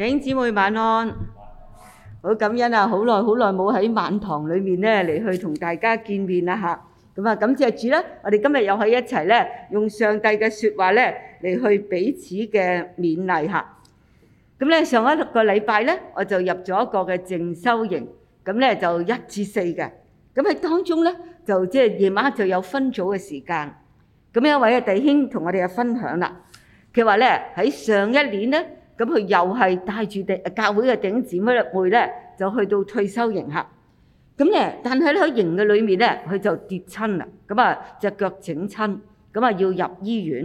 弟兄姊妹晚安，好感恩啊！好耐好耐冇喺晚堂裏面咧嚟去同大家見面啦吓，咁啊感謝主啦！我哋今日又可以一齊咧用上帝嘅說話咧嚟去彼此嘅勉勵吓。咁咧上一個禮拜咧我就入咗一個嘅靜修營，咁咧就一至四嘅。咁喺當中咧就即係夜晚黑就有分組嘅時間。咁有一位弟兄同我哋啊分享啦，佢話咧喺上一年咧。咁佢又係帶住教會嘅頂尖乜嘢輩咧，就去到退休營客。咁咧，但係咧喺營嘅裏面咧，佢就跌親啦。咁啊，隻腳整親，咁啊要入醫院。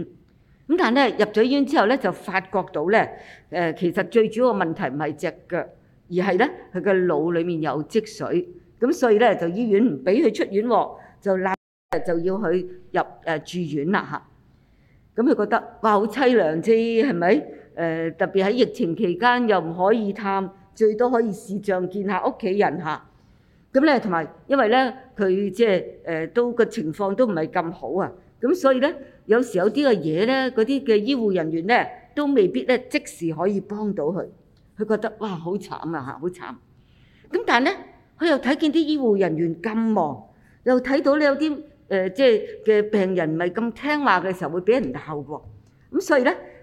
咁但係咧入咗醫院之後咧，就發覺到咧，誒其實最主要個問題唔係隻腳，而係咧佢嘅腦裏面有積水。咁所以咧就醫院唔俾佢出院喎，就立即就要去入誒住院啦嚇。咁佢覺得哇好凄涼啫，係咪？誒特別喺疫情期間又唔可以探，最多可以視像見下屋企人嚇。咁咧同埋，因為咧佢即係誒都個情況都唔係咁好啊。咁所以咧，有時有啲嘅嘢咧，嗰啲嘅醫護人員咧都未必咧即時可以幫到佢。佢覺得哇，好慘啊嚇，好慘。咁但係咧，佢又睇見啲醫護人員咁忙，又睇到咧有啲誒即係嘅病人唔係咁聽話嘅時候會俾人鬧喎。咁所以咧。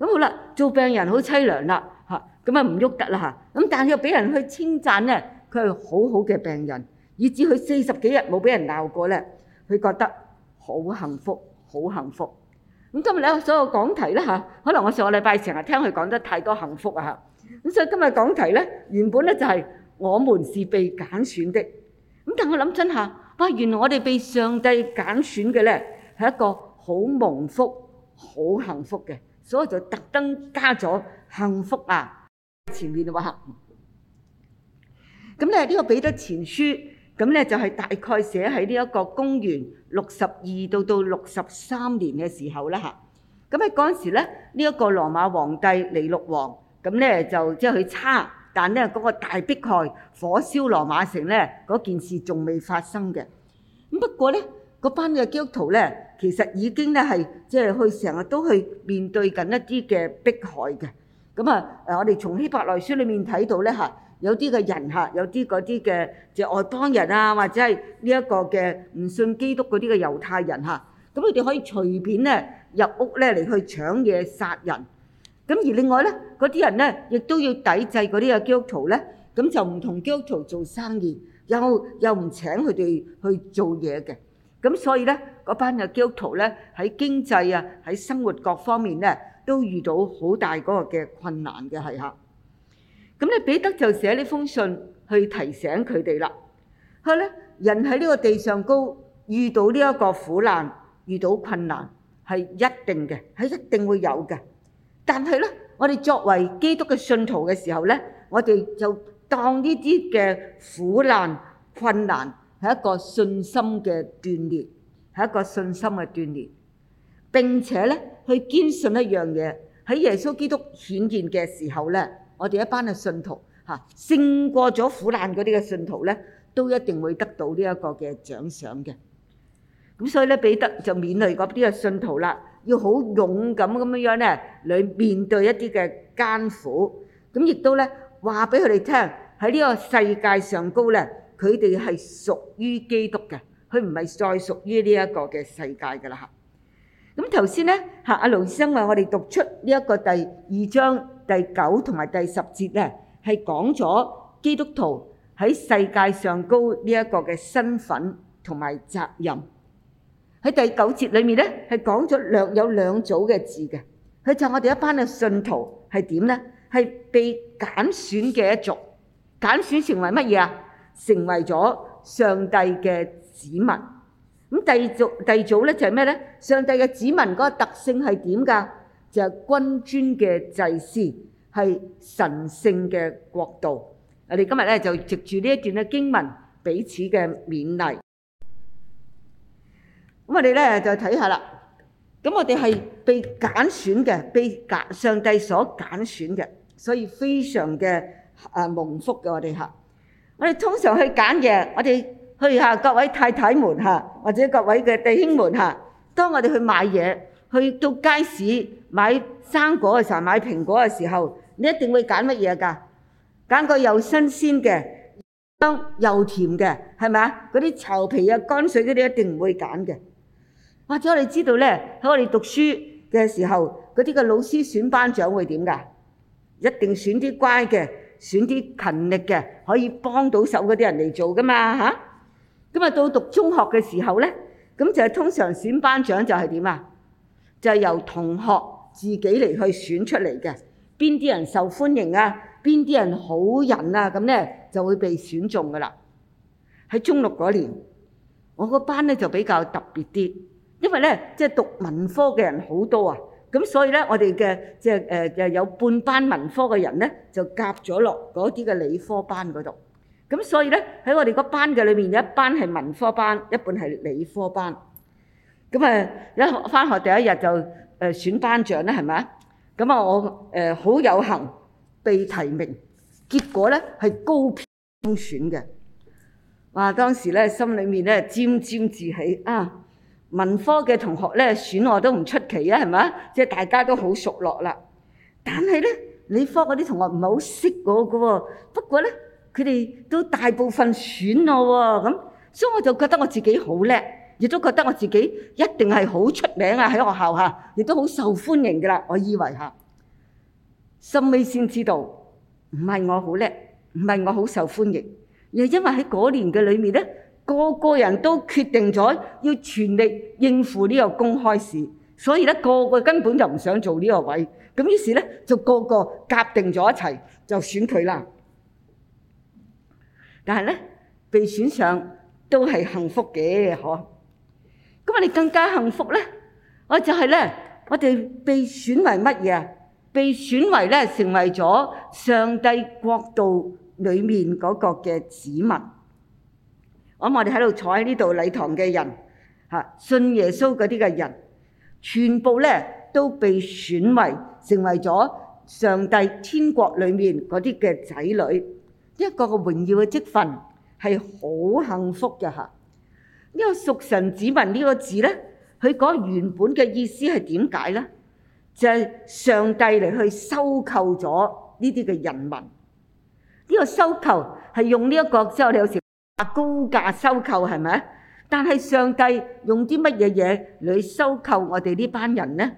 咁好啦，做病人好凄涼啦吓，咁啊唔喐得啦吓。咁但係又俾人去稱讚咧，佢係好好嘅病人，以至佢四十幾日冇俾人鬧過咧，佢覺得好幸福，好幸福。咁今日咧，所有講題咧吓，可能我上個禮拜成日聽佢講得太多幸福啊吓。咁所以今日講題咧，原本咧就係我們是被揀選的。咁但我諗真下，哇！原來我哋被上帝揀選嘅咧係一個好蒙福、好幸福嘅。所以就特登加咗幸福啊前面嘅話，咁咧呢個彼得前書，咁咧就係大概寫喺呢一個公元六十二到到六十三年嘅時候啦吓，咁喺嗰陣時咧，呢、這、一個羅馬皇帝尼祿王，咁咧就即係佢差，但咧嗰、那個大迫害、火燒羅馬城咧嗰件事仲未發生嘅。咁不過咧，嗰班嘅基督徒咧。其實已經咧係即係去成日都去面對緊一啲嘅迫害嘅。咁啊誒，我哋從希伯來書裏面睇到咧嚇，有啲嘅人嚇，有啲嗰啲嘅即係外邦人啊，或者係呢一個嘅唔信基督嗰啲嘅猶太人嚇。咁佢哋可以隨便咧入屋咧嚟去搶嘢殺人。咁而另外咧，嗰啲人咧亦都要抵制嗰啲嘅基督徒咧，咁就唔同基督徒做生意，又又唔請佢哋去做嘢嘅。咁所以咧。嗰班嘅基督徒咧，喺經濟啊，喺生活各方面咧，都遇到好大嗰個嘅困難嘅，係嚇。咁咧，彼得就寫呢封信去提醒佢哋啦。係咧，人喺呢個地上高遇到呢一個苦難、遇到困難係一定嘅，係一定會有嘅。但係咧，我哋作為基督嘅信徒嘅時候咧，我哋就當呢啲嘅苦難、困難係一個信心嘅鍛鍊。一個信心嘅鍛煉，並且咧去堅信一樣嘢，喺耶穌基督顯現嘅時候咧，我哋一班嘅信徒吓勝過咗苦難嗰啲嘅信徒咧，都一定會得到呢一個嘅獎賞嘅。咁所以咧，彼得就勉勵嗰啲嘅信徒啦，要好勇敢咁樣樣咧，去面對一啲嘅艱苦。咁亦都咧話俾佢哋聽，喺呢個世界上高咧，佢哋係屬於基督嘅。佢唔係再屬於呢一個嘅世界㗎啦嚇！咁頭先咧，嚇阿盧醫生為我哋讀出呢一個第二章第九同埋第十節咧，係講咗基督徒喺世界上高呢一個嘅身份同埋責任。喺第九節裏面咧，係講咗略有兩組嘅字嘅，佢就係我哋一班嘅信徒係點咧？係被揀選嘅一族，揀選成為乜嘢啊？成為咗上帝嘅子民，咁第二組第二組咧就係咩咧？上帝嘅子民嗰個特性係點噶？就係君尊嘅祭司，係神聖嘅國度。我哋今日咧就藉住呢一段嘅經文彼此嘅勉勵。咁我哋咧就睇下啦。咁我哋係被揀選嘅，被揀上帝所揀選嘅，所以非常嘅啊蒙福嘅我哋吓。我哋通常去揀嘅，我哋。去下各位太太們嚇，或者各位嘅弟兄們嚇。當我哋去買嘢，去到街市買生果嘅時候，買蘋果嘅時候，你一定會揀乜嘢㗎？揀個又新鮮嘅，香又，又甜嘅，係咪啊？嗰啲巢皮啊、乾水嗰啲一定唔會揀嘅。或者你知道咧，喺我哋讀書嘅時候，嗰啲嘅老師選班長會點㗎？一定選啲乖嘅，選啲勤力嘅，可以幫到手嗰啲人嚟做㗎嘛嚇。咁啊，到讀中學嘅時候咧，咁就係通常選班長就係點啊？就係由同學自己嚟去選出嚟嘅，邊啲人受歡迎啊？邊啲人好人啊？咁咧就會被選中噶啦。喺中六嗰年，我個班咧就比較特別啲，因為咧即係讀文科嘅人好多啊，咁所以咧我哋嘅即係誒誒有半班文科嘅人咧就夾咗落嗰啲嘅理科班嗰度。咁所以咧，喺我哋嗰班嘅裏面，一班係文科班，一半係理科班。咁啊，一翻學第一日就誒、呃、選班長啦，係咪？咁啊，我誒好有幸被提名，結果咧係高票選嘅。哇、啊！當時咧心裏面咧沾沾自喜啊！文科嘅同學咧選我都唔出奇啊，係咪？即係大家都好熟絡啦。但係咧，理科嗰啲同學唔係好識我嘅喎。不過咧。佢哋都大部分選我喎，咁所以我就覺得我自己好叻，亦都覺得我自己一定係好出名啊！喺學校嚇，亦都好受歡迎㗎啦，我以為下，深尾先知道，唔係我好叻，唔係我好受歡迎，又因為喺嗰年嘅裏面呢，個個人都決定咗要全力應付呢個公開試，所以呢個個根本就唔想做呢個位，咁於是呢，就個個夾定咗一齊就選佢啦。但係咧，被選上都係幸福嘅，嗬！咁我哋更加幸福咧，我就係咧，我哋被選為乜嘢？被選為咧，成為咗上帝國度裏面嗰個嘅子民。咁我哋喺度坐喺呢度禮堂嘅人，吓信耶穌嗰啲嘅人，全部咧都被選為成為咗上帝天國裏面嗰啲嘅仔女。一個嘅榮耀嘅職分係好幸福嘅嚇。呢、這個屬神子民呢個字呢，佢講原本嘅意思係點解呢？就係、是、上帝嚟去收購咗呢啲嘅人民。呢、這個收購係用呢、這、一個即係你有時話高價收購係咪？但係上帝用啲乜嘢嘢嚟收購我哋呢班人呢？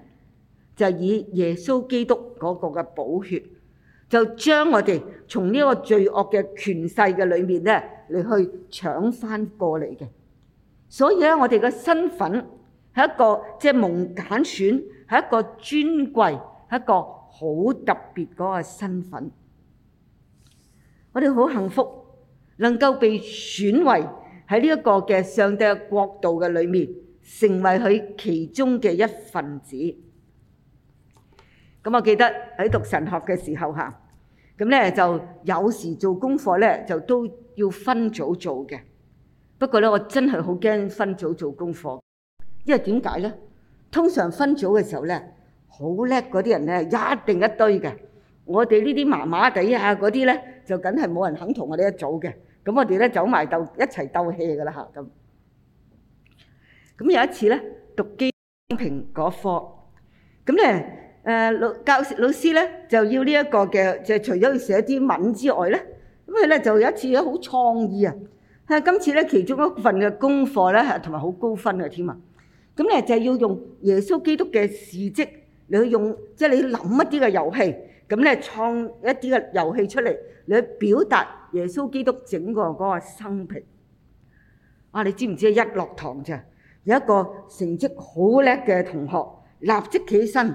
就係、是、以耶穌基督嗰個嘅寶血。就將我哋從呢個罪惡嘅權勢嘅裏面咧，嚟去搶返過嚟嘅。所以咧，我哋嘅身份係一個即係蒙揀選，係一個尊貴，係一個好特別嗰個身份。我哋好幸福，能夠被選為喺呢一個嘅上帝嘅國度嘅裏面，成為佢其中嘅一份子。咁我記得喺讀神學嘅時候嚇。咁咧就有時做功課咧，就都要分組做嘅。不過咧，我真係好驚分組做功課，因為點解咧？通常分組嘅時候咧，好叻嗰啲人咧一定一堆嘅。我哋呢啲麻麻地啊嗰啲咧，就梗係冇人肯同我哋一組嘅。咁我哋咧走埋鬥一齊鬥氣㗎喇嚇咁。咁有一次咧，讀基公平嗰科，咁咧。誒老教老師咧就要呢一個嘅，就係除咗要寫啲文之外咧，咁佢咧就有一次咧好創意啊！啊，今次咧其中一份嘅功課咧係同埋好高分嘅添啊！咁咧就係要用耶穌基督嘅事蹟你去用，即係你諗一啲嘅遊戲，咁咧創一啲嘅遊戲出嚟你去表達耶穌基督整個嗰個生平。啊！你知唔知一落堂咋，有一個成績好叻嘅同學立即起身，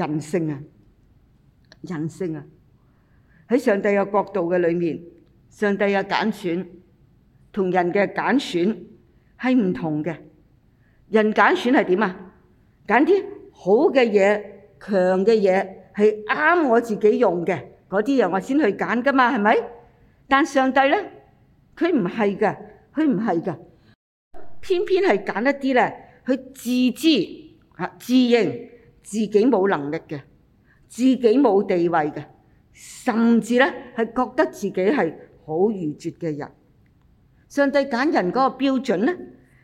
人性啊，人性啊，喺上帝嘅角度嘅裏面，上帝嘅揀選，人選同人嘅揀選係唔同嘅。人揀選係點啊？揀啲好嘅嘢、強嘅嘢係啱我自己用嘅嗰啲嘢，我先去揀噶嘛，係咪？但上帝咧，佢唔係噶，佢唔係噶，偏偏係揀一啲咧，佢自知吓、自認。自己冇能力嘅，自己冇地位嘅，甚至咧係覺得自己係好愚拙嘅人。上帝揀人嗰個標準咧，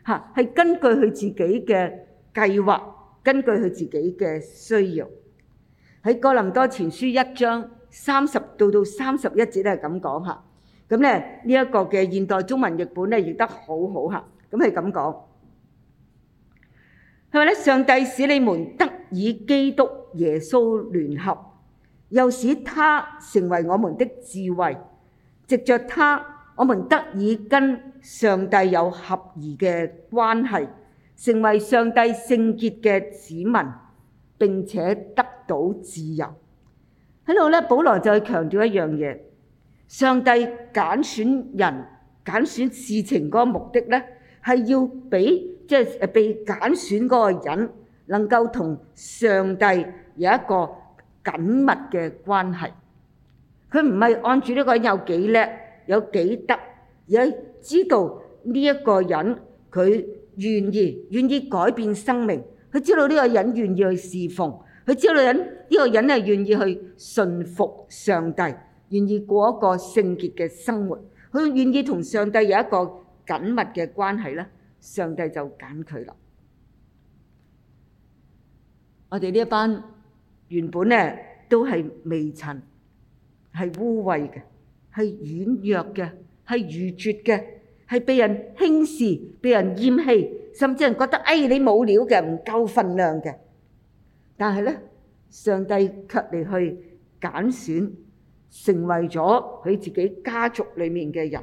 嚇係根據佢自己嘅計劃，根據佢自己嘅需要。喺哥林多前書一章三十到到三十一節係咁講嚇。咁咧呢一個嘅現代中文譯本咧譯得好好嚇。咁係咁講，係話咧上帝使你們得，以基督耶穌聯合，又使他成為我們的智慧，藉着他，我們得以跟上帝有合宜嘅關係，成為上帝聖潔嘅子民，並且得到自由。喺度咧，保羅就係強調一樣嘢：上帝揀選人、揀選事情個目的咧，係要俾即係被揀選嗰個人能夠同上帝有一個緊密嘅關係，佢唔係按住呢個人有幾叻，有幾得，而係知道呢一個人佢願意願意改變生命，佢知道呢個人願意去侍奉，佢知道呢個人係願意去順服上帝，願意過一個聖潔嘅生活，佢願意同上帝有一個緊密嘅關係咧，上帝就揀佢啦。我哋呢一班原本咧都係微塵，係污穢嘅，係軟弱嘅，係愚拙嘅，係被人輕視、被人厭棄，甚至係覺得誒你冇料嘅，唔夠分量嘅。但係咧，上帝卻嚟去揀選，成為咗佢自己家族裡面嘅人。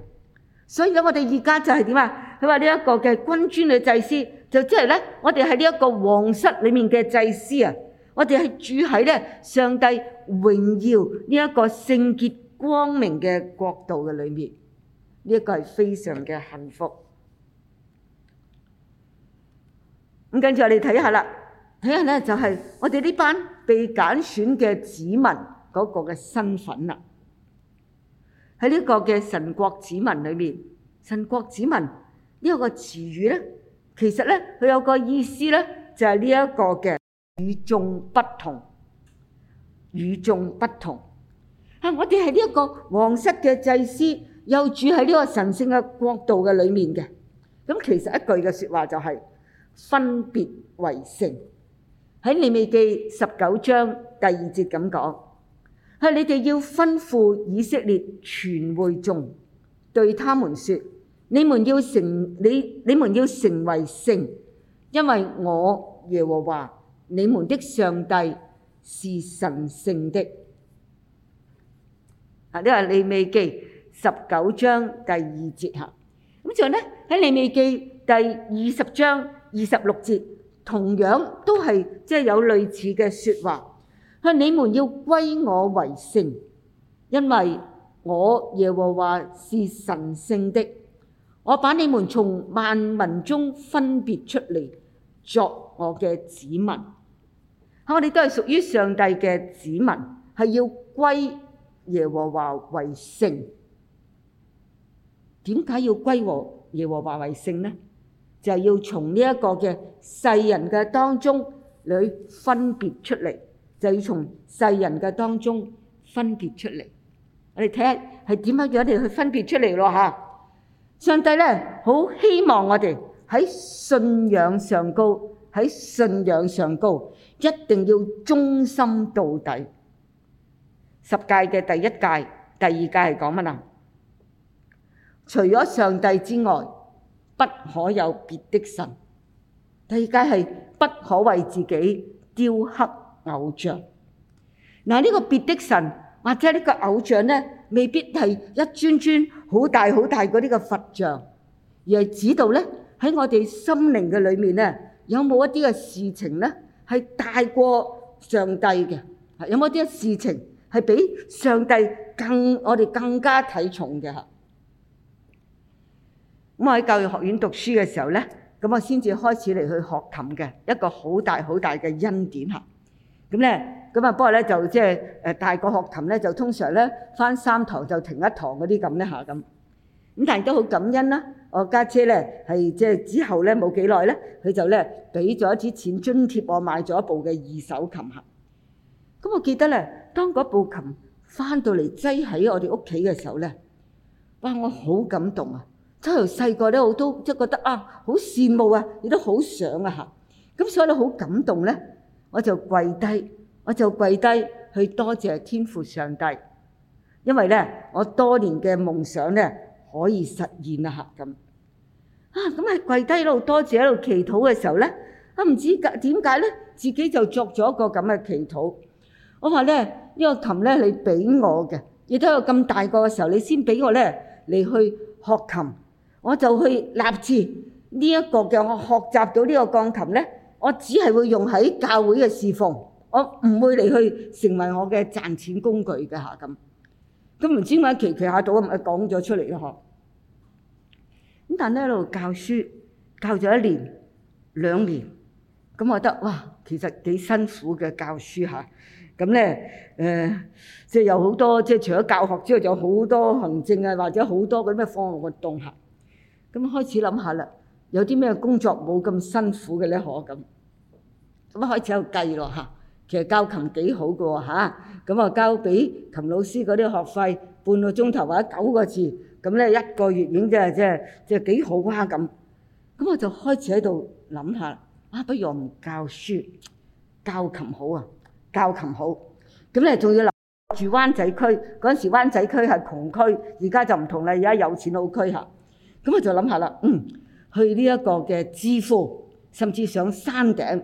所以咧我哋而家就係點啊？佢話呢一個嘅君尊嘅祭司，就即係咧，我哋喺呢一個皇室裏面嘅祭司啊，我哋係住喺咧上帝榮耀呢一個聖潔光明嘅國度嘅裏面，呢一個係非常嘅幸福。咁跟住我哋睇下啦，睇下咧就係我哋呢班被揀選嘅子民嗰個嘅身份啦，喺呢個嘅神國子民裏面，神國子民。這詞呢一個詞語呢，其實呢，佢有個意思呢，就係呢一個嘅與眾不同，與眾不同。啊，我哋係呢一個皇室嘅祭司，又住喺呢個神聖嘅國度嘅裏面嘅。咁其實一句嘅説話就係分別為聖。喺利未記十九章第二節咁講，係，你哋要吩咐以色列全會眾對他們說。你們要成你，你們要成為聖，因為我耶和華你們的上帝是神聖的。啊，呢個利未記十九章第二節啊。咁仲有呢，喺利未記第二十章二十六節，同樣都係即係有類似嘅説話。向你們要歸我為聖，因為我耶和華是神聖的。我把你們從萬民中分別出嚟，作我嘅子民。我哋都係屬於上帝嘅子民，係要歸耶和華為聖。點解要歸我耶和華為聖呢？就要從呢一個嘅世人嘅當中裏分別出嚟，就要從世人嘅當中分別出嚟。我哋睇下係點樣樣嚟去分別出嚟咯吓。上帝咧好希望我哋喺信仰上高，喺信仰上高，一定要忠心到底。十誡嘅第一誡、第二誡係講乜啊？除咗上帝之外，不可有別的神。第二誡係不可為自己雕刻偶像。嗱，呢個別的神或者呢個偶像咧，未必係一尊尊。好大好大嗰啲嘅佛像，而係指導咧喺我哋心靈嘅裏面咧，有冇一啲嘅事情咧係大過上帝嘅？有冇一啲嘅事情係比上帝更我哋更加睇重嘅？咁我喺教育學院讀書嘅時候咧，咁我先至開始嚟去學琴嘅，一個好大好大嘅恩典嚇。咁咧。咁啊，不過咧就即係誒大個學琴咧，就通常咧翻三堂就停一堂嗰啲咁咧嚇咁。咁但係都好感恩啦。我家姐咧係即係之後咧冇幾耐咧，佢就咧俾咗一啲錢津貼我買咗一部嘅二手琴盒。咁我記得咧，當嗰部琴翻到嚟擠喺我哋屋企嘅時候咧，哇！我好感動啊。就由細個咧我都即係覺得啊，好羨慕啊，亦都好想啊嚇。咁所以咧好感動咧，我就跪低。我就跪低去多謝天父上帝，因為咧我多年嘅夢想咧可以實現啦嚇咁啊！咁喺跪低喺度多謝喺度祈禱嘅時候咧，啊唔知點解咧自己就作咗一個咁嘅祈禱。我話咧，呢個琴咧，你俾我嘅，亦都有咁大個嘅時候，你先俾我咧嚟去學琴。我就去立志呢一個嘅我學習到呢個鋼琴咧，我只係會用喺教會嘅侍奉。我唔會嚟去成為我嘅賺錢工具嘅嚇咁，咁唔知點解奇奇下到咁咪講咗出嚟咯嗬？咁但係咧喺度教書教咗一年、兩年，咁我覺得哇，其實幾辛苦嘅教書嚇。咁咧誒，即係有好多即係除咗教學之外，仲有好多行政啊，或者好多嗰啲咩課外活動嚇。咁開始諗下啦，有啲咩工作冇咁辛苦嘅咧？嗬咁，咁開始喺度計落嚇。其實教琴幾好嘅喎咁啊、嗯、交俾琴老師嗰啲學費，半個鐘頭或者九個字，咁、嗯、咧一個月已經即係即係即係幾好啊咁。咁我就開始喺度諗下，啊不如唔教書，教琴好啊，教琴好。咁咧仲要留住灣仔區嗰陣時灣區窮區，灣仔區係窮區，而家就唔同啦，而家有錢好區嚇。咁我就諗下啦，嗯，去呢一個嘅支乎，甚至上山頂。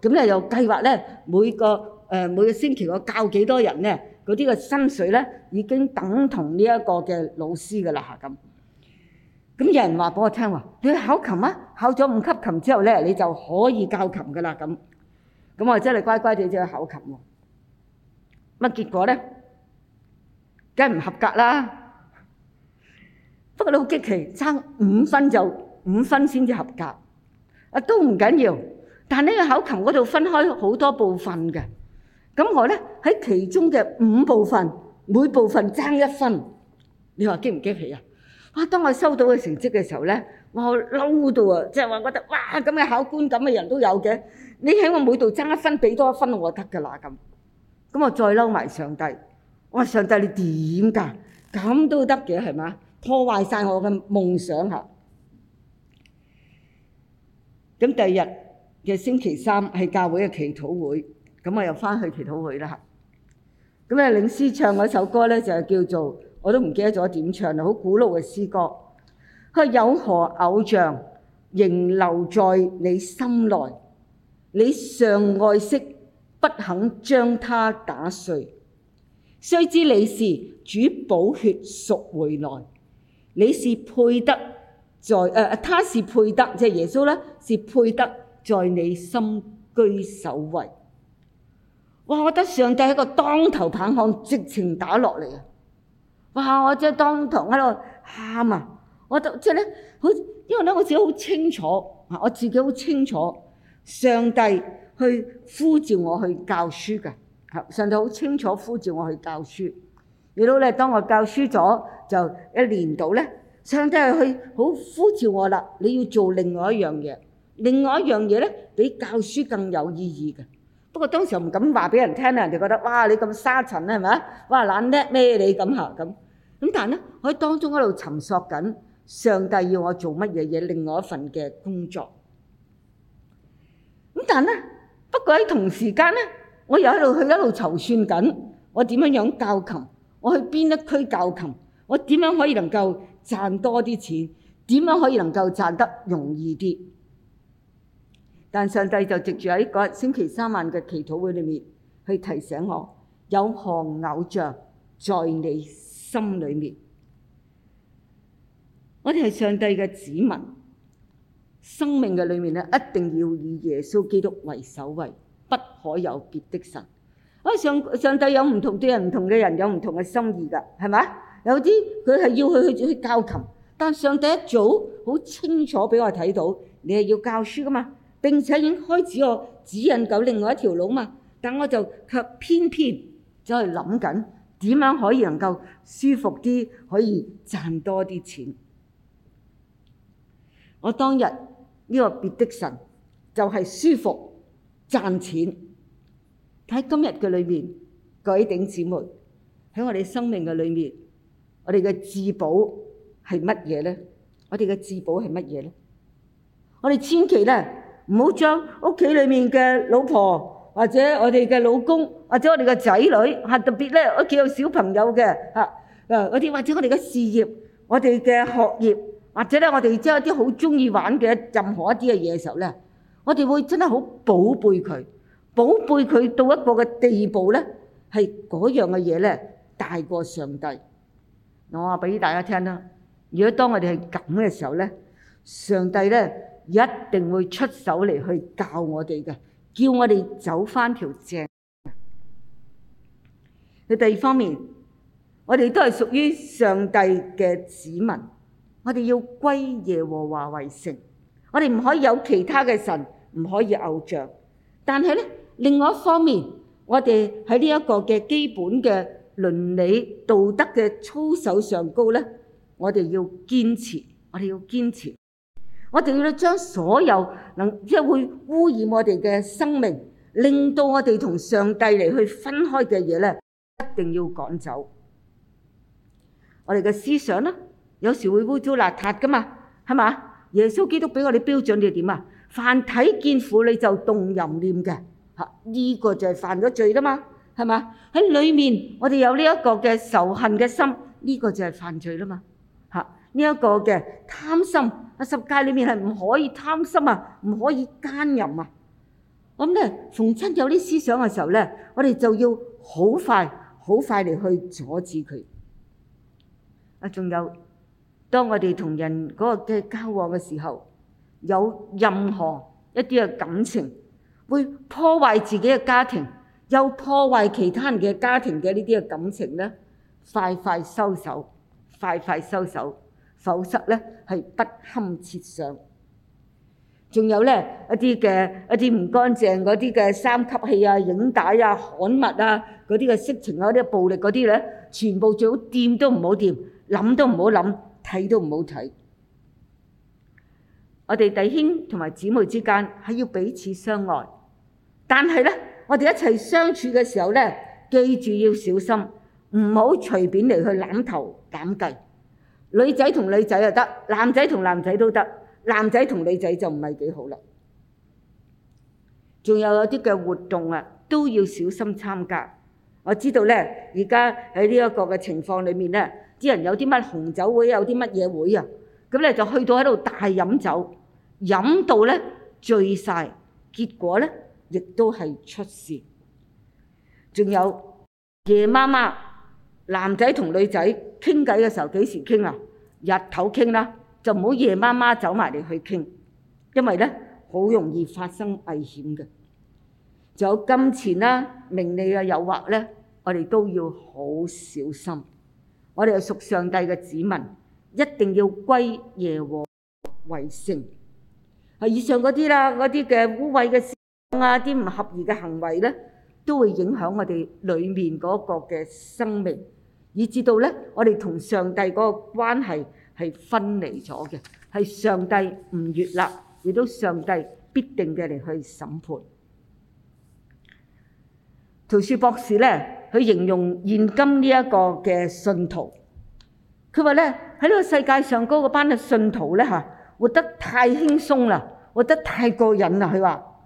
咁咧又計劃咧每個誒每個星期我教幾多人咧？嗰啲個薪水咧已經等同呢一個嘅老師嘅啦嚇，咁。咁有人話俾我聽話，你考琴啊？考咗五級琴之後咧，你就可以教琴嘅啦咁。咁我真係乖乖哋走去考琴喎。乜結果咧？梗係唔合格啦。不過你好激氣，差五分就五分先至合格。啊都唔緊要。但呢個考勤嗰度分開好多部分嘅，咁我咧喺其中嘅五部分，每部分爭一分，你話激唔激氣啊？哇！當我收到嘅成績嘅時候咧，我嬲到啊，即係話覺得哇咁嘅考官咁嘅人都有嘅，你喺我每度爭一分，俾多一分我得嘅啦咁，咁我再嬲埋上帝，我話上帝你點㗎？咁都得嘅係嘛？破壞曬我嘅夢想嚇。咁第二日。嘅星期三係教會嘅祈禱會，咁我又翻去祈禱會啦。咁啊，領詩唱嗰首歌咧，就係叫做我都唔記得咗點唱啦，好古老嘅詩歌。佢有何偶像仍留在你心內？你尚愛惜，不肯將它打碎。雖知你是主寶血贖回來，你是配得在誒，他是配得，即係耶穌咧，是配得。在你心居首位。哇！我覺得上帝係一個當頭棒喝，直情打落嚟啊！哇！我真係當堂喺度喊啊！我覺得，即係咧，好因為咧，我自己好清楚，我自己好清楚，上帝去呼召我去教書嘅，上帝好清楚呼召我去教書。你諗咧，當我教書咗就一年度咧，上帝係去好呼召我啦，你要做另外一樣嘢。另外一樣嘢咧，比教書更有意義嘅。不過當時又唔敢話俾人聽咧，人哋覺得哇！你咁沙塵咧，係咪啊？哇！懶叻咩你咁嚇咁咁？但係咧，我喺當中一路尋索緊上帝要我做乜嘢嘢，另外一份嘅工作。咁但係咧，不過喺同時間咧，我又喺度去一路籌算緊我點樣樣教琴，我去邊一區教琴，我點樣可以能夠賺多啲錢，點樣可以能夠賺得容易啲。但上帝就藉住喺嗰星期三晚嘅祈禱會裏面，去提醒我有項偶像在你心裏面，我哋係上帝嘅子民，生命嘅裏面一定要以耶穌基督為首位，不可有別的神。啊，上上帝有唔同啲人，唔同嘅人有唔同嘅心意㗎，係咪？有啲佢係要去去教琴，但上帝一早好清楚俾我睇到，你係要教書㗎嘛。並且已經開始我指引到另外一條路嘛，但我就卻偏偏就係諗緊點樣可以能夠舒服啲，可以賺多啲錢。我當日呢個別的神就係舒服賺錢。喺今日嘅裏面，各位弟兄姊妹喺我哋生命嘅裏面，我哋嘅「自保」係乜嘢咧？我哋嘅「自保」係乜嘢咧？我哋千祈咧～唔好將屋企裏面嘅老婆，或者我哋嘅老公，或者我哋嘅仔女，係特別咧，屋企有小朋友嘅，啊啊嗰啲，或者我哋嘅事業、我哋嘅學業，或者咧我哋即係一啲好中意玩嘅任何一啲嘅嘢嘅時候咧，我哋會真係好寶貝佢，寶貝佢到一個嘅地步咧，係嗰樣嘅嘢咧大過上帝。我話俾大家聽啦，如果當我哋係咁嘅時候咧，上帝咧。一定會出手嚟，去教我哋嘅，叫我哋走翻條正。佢第二方面，我哋都係屬於上帝嘅子民，我哋要歸耶和華為聖，我哋唔可以有其他嘅神，唔可以偶像。但係咧，另外一方面，我哋喺呢一個嘅基本嘅倫理道德嘅操守上高咧，我哋要堅持，我哋要堅持。我哋要將所有能即係會污染我哋嘅生命，令到我哋同上帝嚟去分開嘅嘢咧，一定要趕走。我哋嘅思想咧，有時會污糟邋遢噶嘛，係嘛？耶穌基督俾我哋標準係點啊？凡睇見苦你就動淫念嘅，吓呢個就係犯咗罪啦嘛，係嘛？喺裏面我哋有呢一個嘅仇恨嘅心，呢個就係犯罪啦嘛。呢一個嘅貪心喺十誡裏面係唔可以貪心啊，唔可以奸淫啊。咁咧，逢親有啲思想嘅時候咧，我哋就要好快好快嚟去阻止佢。啊，仲有當我哋同人嗰個嘅交往嘅時候，有任何一啲嘅感情會破壞自己嘅家庭，又破壞其他人嘅家庭嘅呢啲嘅感情咧，快快收手，快快收手！否則咧，係不堪設想。仲有咧，一啲嘅一啲唔乾淨嗰啲嘅三級戲啊、影帶啊、刊物啊，嗰啲嘅色情啊、嗰啲暴力嗰啲咧，全部最好掂都唔好掂，諗都唔好諗，睇都唔好睇。我哋弟兄同埋姊妹之間係要彼此相愛，但係咧，我哋一齊相處嘅時候咧，記住要小心，唔好隨便嚟去攬頭攬頸。女仔同女仔又得，男仔同男仔都得，男仔同女仔就唔係幾好啦。仲有啲嘅活動啊，都要小心參加。我知道咧，而家喺呢一個嘅情況裏面咧，啲人有啲乜紅酒會，有啲乜嘢會啊，咁咧就去到喺度大飲酒，飲到咧醉晒，結果咧亦都係出事。仲有夜媽媽。男仔同女仔傾偈嘅時候，幾時傾啊？日頭傾啦，就唔好夜媽媽走埋嚟去傾，因為咧好容易發生危險嘅。仲有金錢啦、名利嘅誘惑咧，我哋都要好小心。我哋係屬上帝嘅子民，一定要歸耶和華為聖。係以上嗰啲啦，嗰啲嘅污穢嘅事啊，啲唔合宜嘅行為咧，都會影響我哋裏面嗰個嘅生命。以至到咧，我哋同上帝嗰個關係係分離咗嘅，係上帝唔悅納，亦都上帝必定嘅嚟去審判。陶恕博士咧，佢形容現今呢一個嘅信徒，佢話咧，喺呢個世界上高嗰個班嘅信徒咧嚇，活得太輕鬆啦，活得太過癮啦。佢話，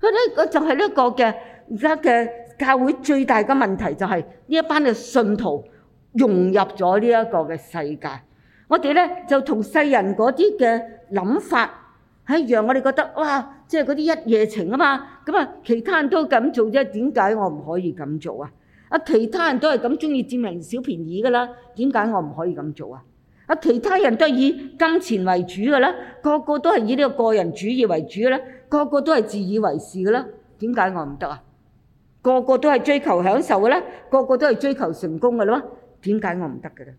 佢咧個就係呢一個嘅而家嘅教會最大嘅問題就係呢一班嘅信徒。融入咗呢一個嘅世界，我哋咧就同世人嗰啲嘅諗法係一樣，我哋覺得哇，即係嗰啲一夜情啊嘛，咁啊，其他人都咁做啫，點解我唔可以咁做啊？啊，其他人都係咁中意佔人小便宜噶啦，點解我唔可以咁做啊？啊，其他人都係以金錢為主㗎啦，個個都係以呢個個人主義為主㗎啦，個個都係自以為是㗎啦，點解我唔得啊？個個都係追求享受㗎咧，個個都係追求成功噶咯。點解我唔得嘅咧？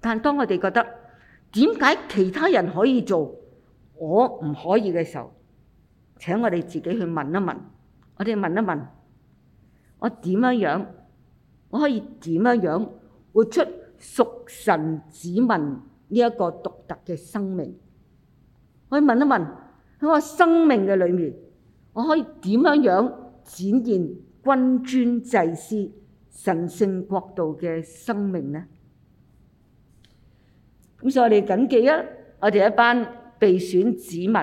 但當我哋覺得點解其他人可以做，我唔可以嘅時候，請我哋自己去問一問，我哋問一問，我點樣樣，我可以點樣樣活出屬神子民呢一個獨特嘅生命？可以問一問喺我生命嘅裏面，我可以點樣樣展現君尊祭司？神聖國度嘅生命咧，咁所以我哋謹記啊，我哋一班被選子民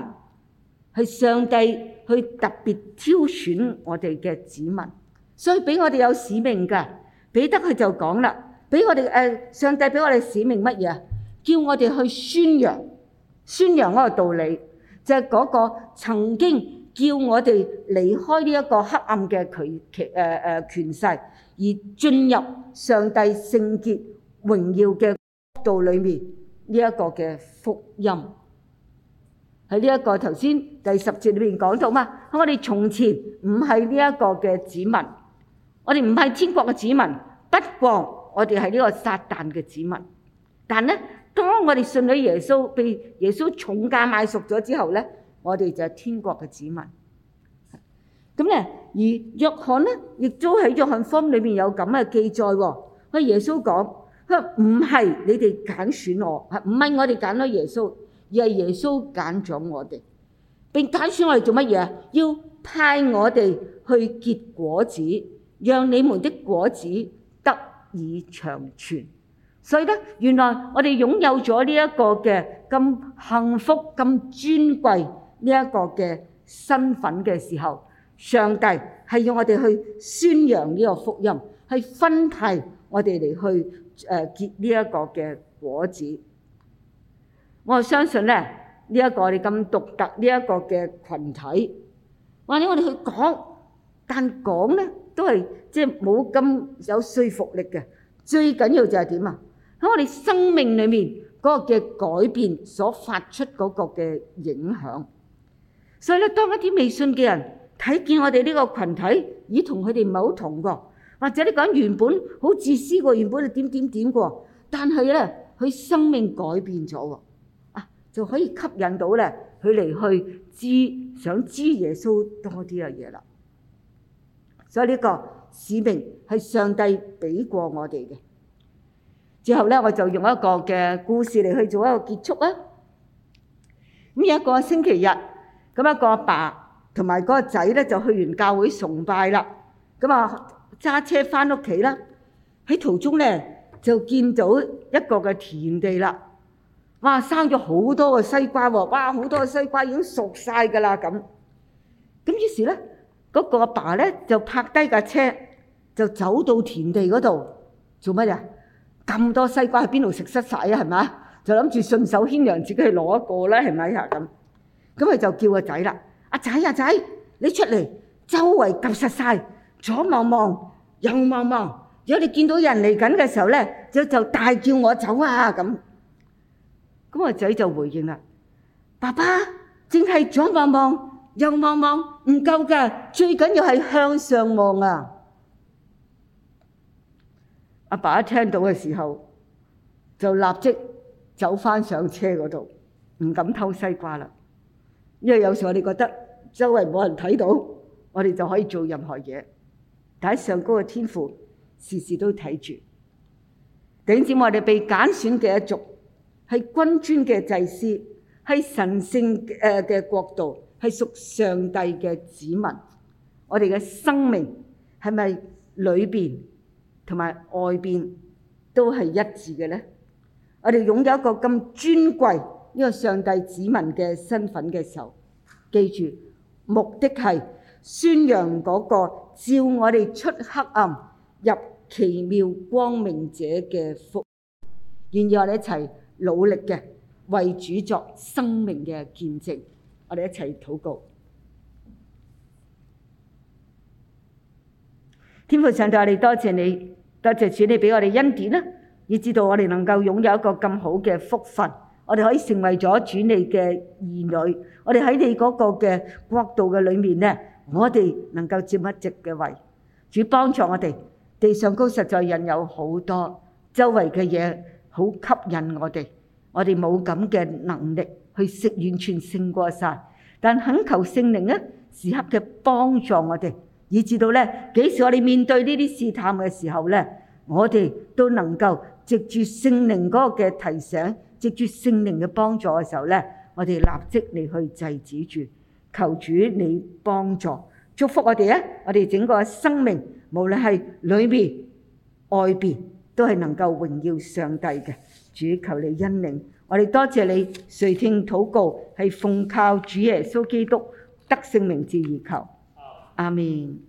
係上帝去特別挑選我哋嘅子民，所以畀我哋有使命噶。彼得佢就講啦，畀我哋誒，上帝畀我哋使命乜嘢？叫我哋去宣揚宣揚嗰個道理，就係、是、嗰個曾經。要我哋離開呢一個黑暗嘅權權誒誒權勢，而進入上帝聖潔榮耀嘅道裏面呢一個嘅福音。喺呢一個頭先第十節裏面講到嘛，我哋從前唔係呢一個嘅子民，我哋唔係天國嘅子民，不過我哋係呢個撒但嘅子民。但咧，當我哋信咗耶穌，被耶穌重價買贖咗之後咧，我哋就係天國嘅子民。咁咧，而約翰咧，亦都喺約翰福音裏邊有咁嘅記載喎。佢耶穌講：佢話，唔係你哋揀選我，唔係我哋揀咗耶穌，而係耶穌揀咗我哋。並揀選我哋做乜嘢啊？要派我哋去結果子，讓你們的果子得以長存。所以咧，原來我哋擁有咗呢一個嘅咁幸福、咁尊貴。呢一個嘅身份嘅時候，上帝係要我哋去宣揚呢個福音，去分派我哋嚟去誒結呢一個嘅果子。我係相信咧，呢一個我哋咁獨特，呢一個嘅羣體，或者我哋去講，但講咧都係即係冇咁有說服力嘅。最緊要就係點啊？喺我哋生命裏面嗰個嘅改變所發出嗰個嘅影響。所以咧，當一啲未信嘅人睇見我哋呢個羣體，咦，同佢哋唔係好同嘅，或者你講原本好自私嘅，原本你點點點嘅，但係咧，佢生命改變咗喎，啊，就可以吸引到咧佢嚟去知想知耶穌多啲嘅嘢啦。所以呢個使命係上帝俾過我哋嘅。之後咧，我就用一個嘅故事嚟去做一個結束啊。咁有一個星期日。咁一個阿爸同埋嗰個仔咧就去完教會崇拜啦，咁啊揸車翻屋企啦。喺途中咧就見到一個嘅田地啦，哇，生咗好多嘅西瓜喎，哇，好多嘅西瓜已經熟晒㗎啦咁。咁於是咧嗰個阿爸咧就泊低架車，就走到田地嗰度做乜嘢？咁多西瓜喺邊度食失晒啊？係咪？就諗住順手牽羊，自己去攞一個啦，係咪啊咁？咁佢就叫個仔啦！阿仔阿仔，你出嚟，周圍 𥄫 實晒，左望望，右望望。如果你見到人嚟緊嘅時候咧，就就大叫我走啊！咁，咁個仔就回應啦，爸爸，淨係左望望，右望望，唔夠㗎，最緊要係向上望啊！阿爸一聽到嘅時候，就立即走翻上車嗰度，唔敢偷西瓜啦。因為有時我哋覺得周圍冇人睇到，我哋就可以做任何嘢。但係上高嘅天父時時都睇住。何止我哋被揀選嘅一族，係君尊嘅祭司，係神聖嘅嘅國度，係屬上帝嘅子民。我哋嘅生命係咪裏邊同埋外邊都係一致嘅咧？我哋擁有一個咁尊貴。呢個上帝子民嘅身份嘅時候，記住目的係宣揚嗰個照我哋出黑暗入奇妙光明者嘅福。願意我哋一齊努力嘅為主作生命嘅見證。我哋一齊禱告。天父上帝，我哋多謝你，多謝主你俾我哋恩典啦，以至到我哋能夠擁有一個咁好嘅福分。我哋可以成為咗主你嘅兒女。我哋喺你嗰個嘅國度嘅裏面咧，我哋能夠佔一席嘅位。主幫助我哋，地上高實在人有好多，周圍嘅嘢好吸引我哋。我哋冇咁嘅能力去食完全勝過曬，但懇求聖靈咧時刻嘅幫助我哋，以至到咧幾時我哋面對呢啲試探嘅時候咧，我哋都能夠藉住聖靈嗰個嘅提醒。藉住聖靈嘅幫助嘅時候咧，我哋立即嚟去制止住，求主你幫助，祝福我哋咧，我哋整個生命，無論係裏面外面，都係能夠榮耀上帝嘅。主求你恩領，我哋多謝你，垂聽禱告，係奉靠主耶穌基督得勝名字而求。阿門。